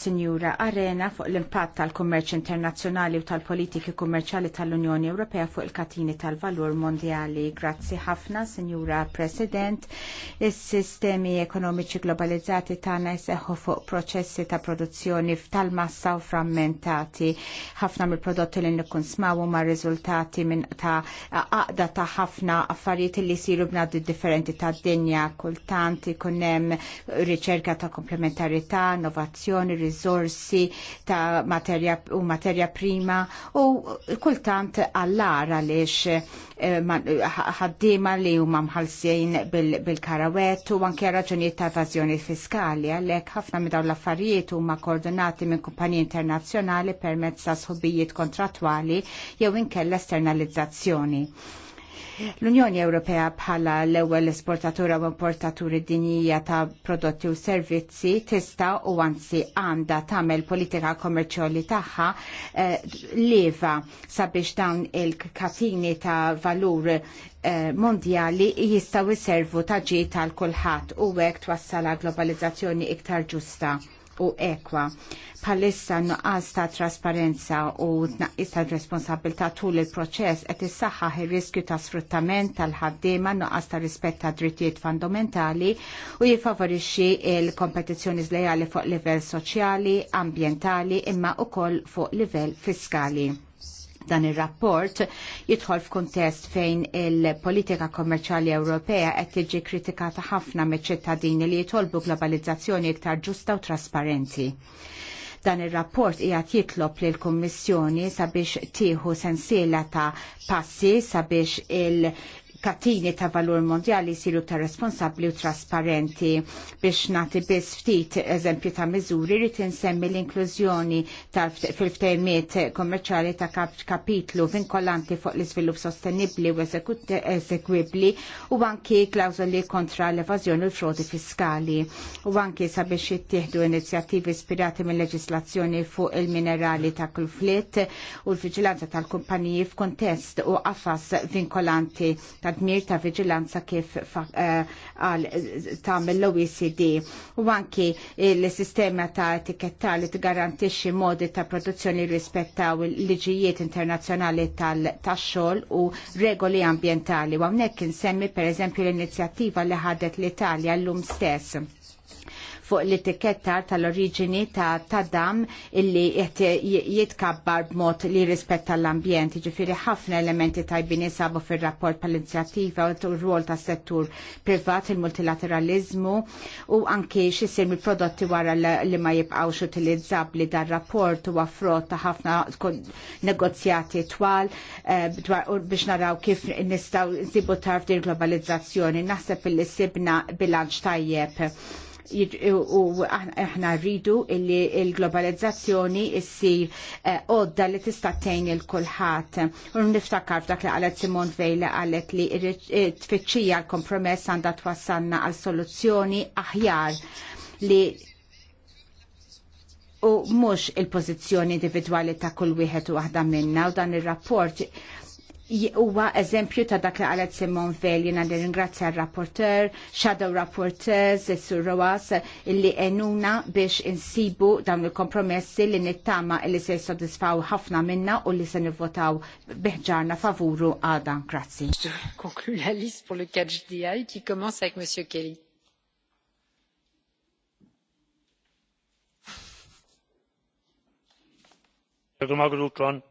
Sinjura Arena fuq l-impatt tal-kummerċ internazzjonali u tal-politiki kummerċali tal-Unjoni Ewropea fuq il-katini tal-valur mondjali. Grazzi ħafna, Sinjura President. Is-sistemi ekonomiċi globalizzati tagħna jseħħu fuq proċessi ta' produzzjoni tal-massa u frammentati. Ħafna mill-prodotti li smawu ma' riżultati minn ta' aqda ta' ħafna affarijiet li jsiru b'nadi differenti tad-dinja kultant ikun hemm riċerka ta' komplementarità, innovazzjoni, risorsi ta' materja u materja prima u kultant għallar għaliex eh, ħaddiema li huma mħallsin bil-karawet u anke raġunijiet ta' evażjoni fiskali għalhekk ħafna minn dawn l-affarijiet huma koordinati minn kumpaniji internazzjonali permezz ta' sħubijiet kontrattwali jew inkella esternalizzazzjoni. L-Unjoni Ewropea bħala l-ewwel esportatura u importaturi dinjija ta' prodotti u servizzi tista' u anzi għandha tagħmel politika kommerċjali tagħha eh, leva sabiex dawn il-katini ta' valur eh, mondjali jistgħu jservu ta' ġi tal kulħadd u hekk twassal globalizzazzjoni iktar ġusta u ekwa. Palissa nuqqas ta' trasparenza u tnaqqis ta' responsabilità tul il-proċess qed issaħħaħ ir-riskju ta' sfruttament tal-ħaddiema nuqqas ta' rispett ta' drittijiet fundamentali u jifavorixxi il-kompetizzjoni żlejali fuq livell soċjali, ambjentali imma wkoll fuq livell fiskali. Dan ir-rapport jidħol f'kuntest fejn il-politika Kommerċali Ewropea qed tiġi kritikata ħafna miċ-ċittadini li jitolbu globalizzazzjoni iktar ġusta u trasparenti dan il-rapport jgħat jitlob li l-Kommissjoni sabiex tieħu sensiela ta' passi sabiex il- katini ta' valur mondjali jisiru ta' responsabli u trasparenti. Biex nati biss ftit eżempju ta' miżuri rrit insemmi l-inklużjoni fil-ftejmiet kommerċali ta' kapitlu vinkolanti fuq l-iżvilupp sostenibli u eżekwibli u anki klawzoli kontra l-evażjoni u l-frodi fiskali. U anki sabiex jittieħdu inizjativi ispirati mill-leġislazzjoni fuq il-minerali ta' kulflitt u l-vigilanza tal-kumpaniji f'kontest u għafas vinkolanti ta' dmir ta' vigilanza kif eh, għal tagħmel l-OECD u anki l-sistema ta' etiketta li tgarantixxi modi ta' produzzjoni rispettaw il-liġijiet internazzjonali tal-taxxol u regoli ambientali u għamnek nsemmi per eżempju l-inizjattiva li ħadet l-Italja l-lum stess fuq l etiketta tal-oriġini ta' ta' dam illi jitkabbar b'mod li rispetta l-ambjent. Ġifiri ħafna elementi tajbin jisabu fil-rapport pal-inizjattiva u r-rol ta' settur privat, il-multilateralizmu u anki xisir mill-prodotti wara li ma jibqawx utilizzabli dar rapport u għafrot ta' ħafna negozjati twal eh, biex naraw kif nistaw nsibu tarf din globalizzazzjoni. Naħseb il sibna bilanċ tajjeb u aħna rridu illi il-globalizzazzjoni issir eh, għodda li tista' tgħin il kulħadd U niftakar f'dak li għalet Simon Vejla qalet li eh, tfittxija l-kompromess għandha twassanna għal soluzzjoni aħjar li u mhux il-pożizzjoni individwali ta' kull wieħed u waħda minna u dan ir-rapport huwa eżempju ta' dak li għalet Simon Veil jiena li ringrazzja il rapporter shadow rapporteurs, Sur Roas illi enuna biex insibu dawn il-kompromessi li nittama illi se jisodisfaw ħafna minna u li se nivvotaw biħġarna favuru għadan. Grazzi. Konklu la list pour le catch 4 qui commence avec Monsieur Kelly. Għadu magru tron.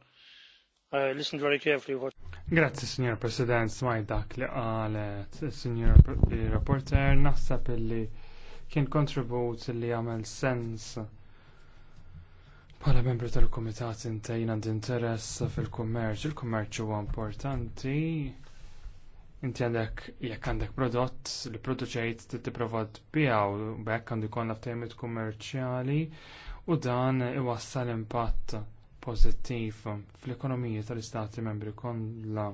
I listened very carefully what Grazzi, signor President, smaj dak li għalet, signor Reporter, naħseb li kien kontribut li għamel sens bħala membru tal-Komitat intajn għand interess fil-kummerċ. Il-kummerċ huwa importanti. Inti għandek, jekk għandek prodott li produċejt tittiprova bijaw, bekk għandu jkun l kummerċjali u dan iwassal impatt pożittiv fl-ekonomija tal-istati membri kollha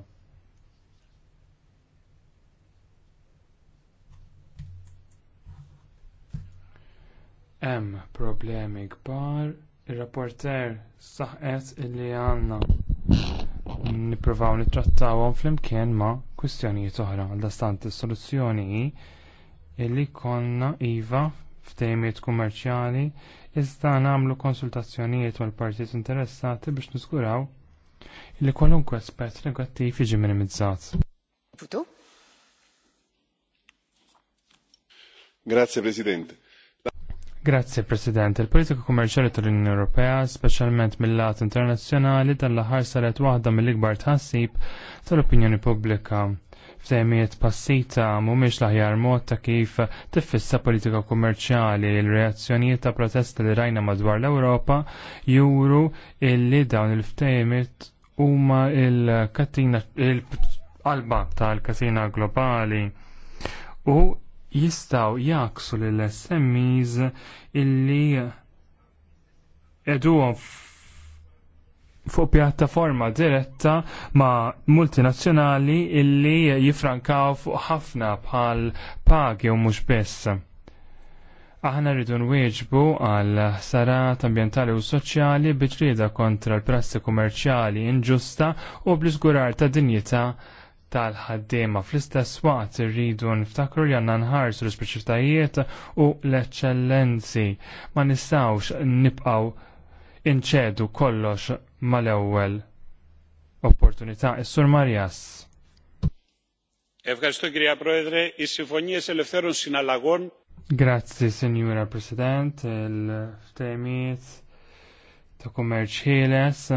hemm problemi kbar ir-rapporter saħqet illi għandna nippruvaw nittrattawhom flimkien ma' kwistjonijiet oħra għaldastant is-soluzzjoni li konna jkollna iva ftejmiet kummerċjali, iżda nagħmlu konsultazzjonijiet mal-partijiet interessati biex niżguraw li kwalunkwe aspett negattiv jiġi minimizzat. Grazie Presidente. Grazie President. Il-politika kummerċjali tal-Unjoni Ewropea, speċjalment mill-lat internazzjonali tal-aħħar saret waħda mill-ikbar tħassib tal-opinjoni pubblika semiet passita mhumiex l-aħjar mod ta' kif tiffissa politika kummerċjali il-reazzjonijiet ta' protesta li rajna madwar l-Ewropa juru illi dawn il-ftejmiet huma il-katina il-qalba tal-katina globali u jistaw jaksu lill-SMEs illi eduhom fuq pjattaforma diretta ma' multinazzjonali illi jifrankaw fuq ħafna bħal pagi u mhux biss. Aħna rridu nwieġbu għal sarat ambjentali u soċjali rida kontra l-prassi kummerċjali inġusta u bl-iżgurar ta' dinjità tal-ħaddiema fl-istess waqt irridu niftakru li nħarsu l-ispeċifitajiet u l-eċċellenzi. Ma nistawx nibqgħu inċedu kollox mal-ewwel opportunità is-Sur Marjas. Ευχαριστώ proedre, is Οι συμφωνίες ελευθέρων sinalagon. Grazzi, Signora President, il-ftemiet ta' kummerċ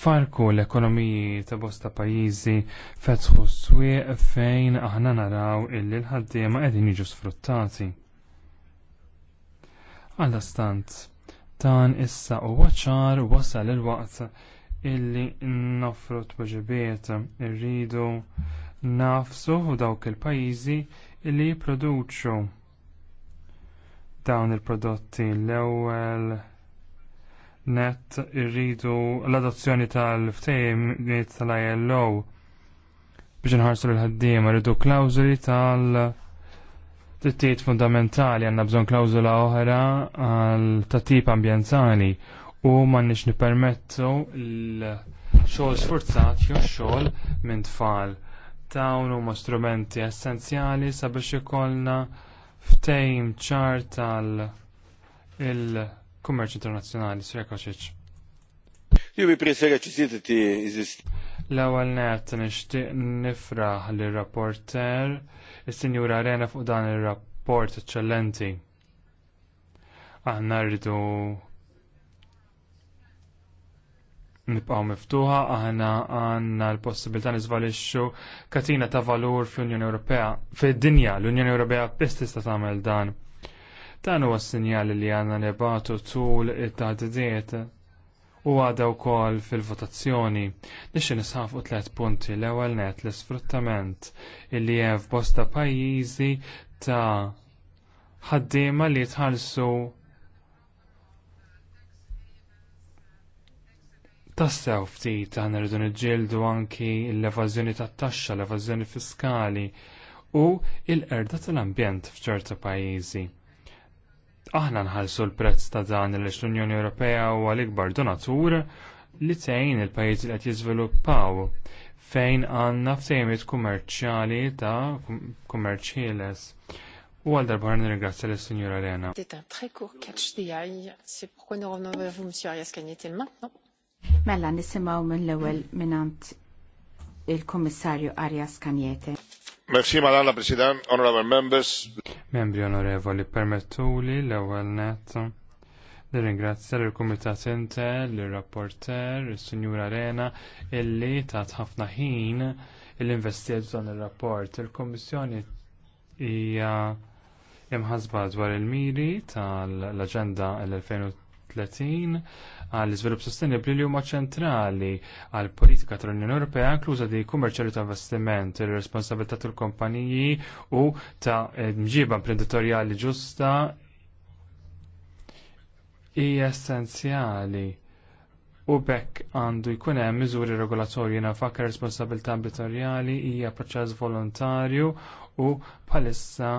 Farku l-ekonomiji ta' bosta pajjiżi fetħu s swie fejn aħna naraw illi l-ħaddiema qegħdin jiġu sfruttati. Għallastant, stant, Dan issa huwa ċar wasal il-waqt illi t-waġibiet irridu nafsu u dawk il-pajjiżi illi jipproduċu dawn il-prodotti l-ewwel net irridu l-adozzjoni tal-ftehim tal-ILO biex nħarsu l ħaddiema irridu klawżoli tal- trittijiet fundamentali għanna bżon klawżula oħra għal tattib ambjentali u nix nipermettu l-xogħol sforzat jew xogħol minn tfal. Dawn huma strumenti essenzjali sabiex ikollna ftejm ċar tal il-kummerċ internazzjonali Srekoċiċ. Io mi preferi citati L-ewwel nett nixtieq nifraħ lir rapporter is-Sinjura Arena fuq dan ir-rapport eċċellenti. Aħna rridu nibqgħu miftuħa, aħna għandna l-possibilità niżvalixxu katina ta' valur fl-Unjoni Ewropea, fid-dinja l-Unjoni Ewropea biss tista' tagħmel dan. Dan huwa s-sinjali li għandna nibatu tul it-taħdidiet u għada wkoll fil-votazzjoni. Nixi nisħaf u tliet punti l-ewwel net l-isfruttament illi hemm f'bosta pajjiżi ta' ħaddiema li tħallsu tassew ftit aħna rridu niġġieldu anki l-evażjoni tat-taxxa, l-evażjoni fiskali u l-qerda tal-ambjent f'ċerta pajjiżi aħna nħallsu l-prezz ta' dan li l-Unjoni Ewropea huwa l-ikbar donatur li tgħin il-pajjiżi li qed jiżviluppaw fejn għandna ftehimiet kummerċjali ta' kummerċ ħieles. U għal darba għan ringrazzja l sinjura Lena. Tita, très court catch di għaj, si pourquoi nous monsieur Arias Cagnette, Mella, mela, nisimaw mill-ewel minant il-Kommissarju Arias Kanjete. Merci Madana President, Honorable Members. Membri onorevoli, permettuli l-ewwel net. Nirringrazzja l kumitat Intel, l-rapporter, il-Sinjura Arena, illi tat ħafna ħin l-investiet dan il-rapport. Il-Kommissjoni hija imħasba dwar il-miri tal-Aġenda l-2030 2030 għall iżvilupp sostenibbli li huma ċentrali għall politika tal-Unjoni Ewropea inkluża di kummerċjali ta' investiment, ir-responsabilità tal-kumpaniji u ta' mġiba imprenditorjali ġusta hija essenzjali u bekk għandu jkun hemm miżuri regolatorji nafak responsabilità ambitorjali hija proċess volontarju u bħalissa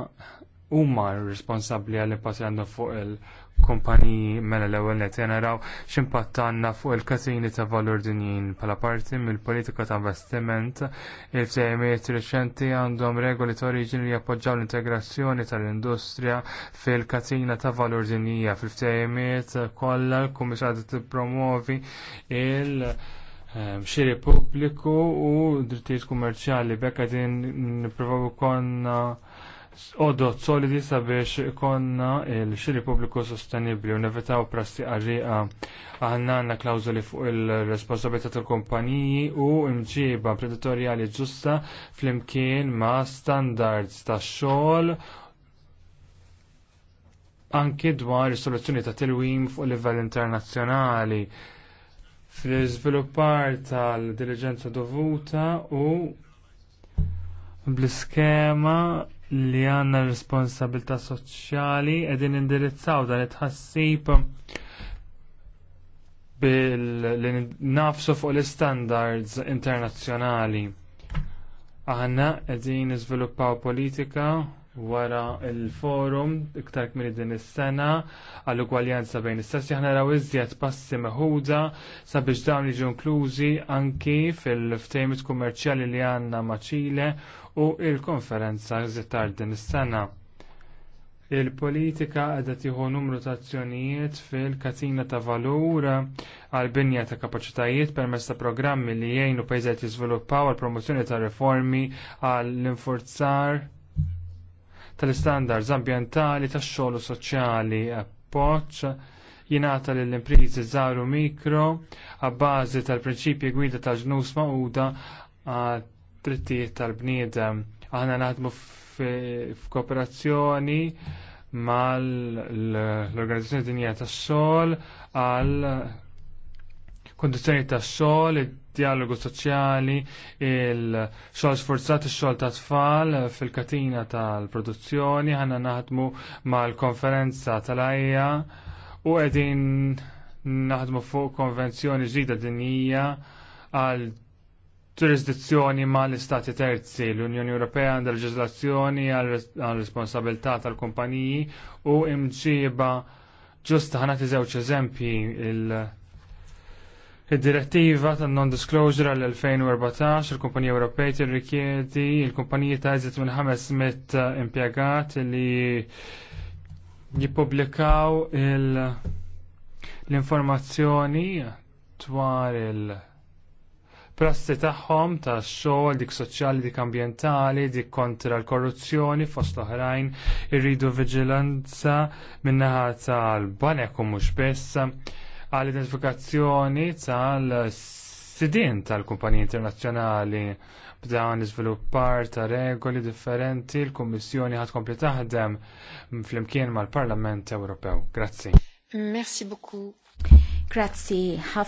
huma responsabbli għall impatt għandhom fuq il kumpaniji mela l-ewwel qed jeneraw x'impatt għandna fuq il-katini ta' valur dinjin bħala parti mill-politika ta' investiment. Il-ftehimiet riċenti għandhom regoli ta' oriġini li jappoġġaw l-integrazzjoni tal-industrija fil-katina ta' valur dinjija. Fil-ftehimiet kollha l-Kummissar tippromovi il- ehm, xiri pubbliku u drittijiet kummerċjali bekk qegħdin nippruvaw ukoll. Odot solidi sabiex konna il-xiri pubbliku sostenibli u nevitaw prasti għarriqa għanna għanna klawzoli fuq il-responsabilità tal-kumpaniji u imġiba predatorjali ġusta fl-imkien ma' standards ta' xogħol anki dwar is-soluzzjoni ta' tilwim fuq livell internazzjonali fl-iżviluppar tal-diligenza dovuta u bl-iskema li għanna responsabilta soċjali edin indirizzaw dan it-ħassib bil-nafsu fuq l-standards internazzjonali. Aħna edin nizviluppaw politika wara il-forum iktar kmini din is-sena għall ugwaljanza bejn is-sessi aħna raw iżjed passi meħuda sabiex dawn jiġu inklużi anki fil-ftejmit kummerċjali li għandna ma' u il-konferenza iżjed din is-sena. Il-politika għadha tieħu numru ta' azzjonijiet fil-katina ta' valur għal binja ta' kapaċitajiet permezz ta' programmi li jgħinu pajjiżet jiżviluppaw għal promozzjoni ta' riformi għall infurzar tal-istandards ambjentali tax-xogħol u soċjali appoġġ jingħata lill impriżi żaru mikro għabbażi tal-prinċipji gwida tal-ġnus maquda għat trittijiet tal-bniedem. Aħna naħdmu f'kooperazzjoni mal l-Organizzazzjoni Dinja tax-Xogħol għal kondizjoni ta' xogħol, id-dialogu soċjali, il-xogħol sforzat, il xogħol ta' tfal fil-katina tal-produzzjoni, ħanna naħdmu mal-konferenza tal-ajja u qegħdin naħdmu fuq konvenzjoni ġdida dinija għal ġurisdizzjoni ma l-istati terzi, l-Unjoni Ewropea għandha leġiżlazzjoni għal responsabilità tal-kumpaniji u imġiba ġusta ħanati żewġ eżempji il- Id-direttiva tan non-disclosure għall-2014 il-Kumpanija Ewropej tirrikjedi il kumpanija ta' eżit minn 500 eh, impjegat li jippubblikaw l-informazzjoni dwar il-prassi tagħhom ta' xogħol dik soċjali dik ambjentali, dik kontra l-korruzzjoni fost oħrajn irridu viġilanza min-naħa tal-banek u mhux biss għal identifikazzjoni tal-sidin tal-kumpaniji internazzjonali b'dan iżviluppar ta' regoli differenti l-Kummissjoni ħad kompli taħdem fl-imkien mal-Parlament Ewropew. Grazzi. Merci beaucoup. Grazzi